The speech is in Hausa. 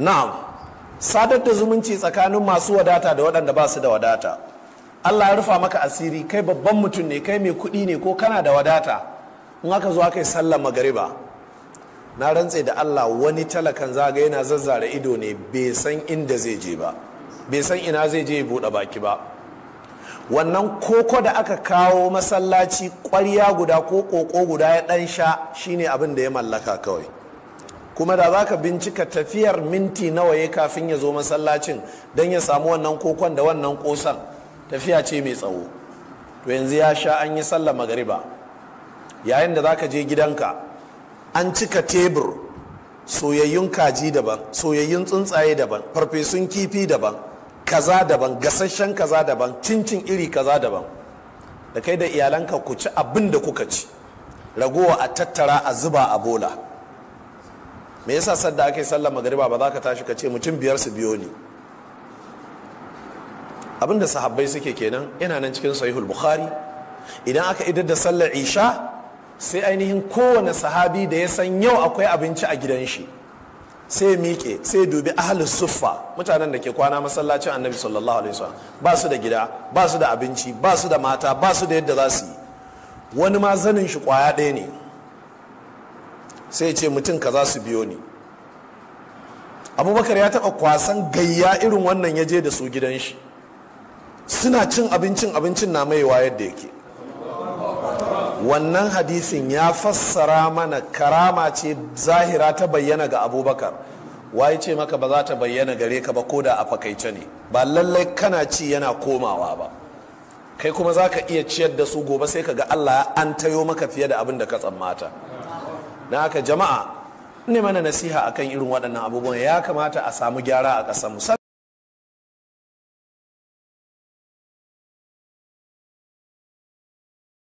na'am sadar da zumunci tsakanin masu wadata da waɗanda ba su da wadata Allah ya rufa maka asiri kai babban mutum ne kai mai kuɗi ne ko kana da wadata in aka zo aka yi sallar magariba na rantse da Allah wani talakan zaga na zazzara ido ne bai san inda zai je ba bai san ina zai je ya buɗe baki ba wannan koko da aka kawo masallaci ƙwarya guda ko ƙoƙo guda ya ɗan sha shine abin da ya mallaka kawai kuma da za ka bincika tafiyar minti nawa ya kafin ya zo masallacin don ya samu wannan kokon da wannan kosan tafiya ce mai tsawo to yanzu ya sha an yi sallah magariba yayin da za ka je gidanka an cika tebur soyayyun kaji daban soyayyun tsuntsaye daban farfesun kifi daban kaza daban gasasshen kaza daban cincin iri kaza daban da kai da iyalanka ku ci abin da kuka ci ragowa a tattara a zuba a bola me yasa sadda ake sallar magariba ba za ka tashi ka ce mutum biyar su biyo ne. abinda sahabbai suke kenan yana nan cikin sahihul bukhari idan aka idar da sallar isha sai ainihin kowane sahabi da ya san yau akwai abinci a gidan shi sai miƙe sai dubi ahalus suffa mutanen da ke kwana masallacin annabi sallallahu alaihi wasallam ba su da gida ba su da abinci ba su da mata ba su da yadda za su yi wani ma zanin shi kwaya ɗaya ne sai ce mutum kaza su biyo ni abubakar ya taba kwasan gayya irin wannan ya je da su gidan shi suna cin abincin abincin na maiwa yadda yake wannan hadisin ya fassara mana karama ce zahira ta bayyana ga abubakar waye ce maka ba za ta bayyana gare ka ba ko da a fakaice ne ba lallai kana ci yana komawa ba kai kuma za ka iya ciyar da su gobe sai ka ga allah an tayo maka fiye da abin da ka tsammata na aka jama'a ne mana nasiha akan irin waɗannan abubuwan ya kamata a samu gyara a ƙasar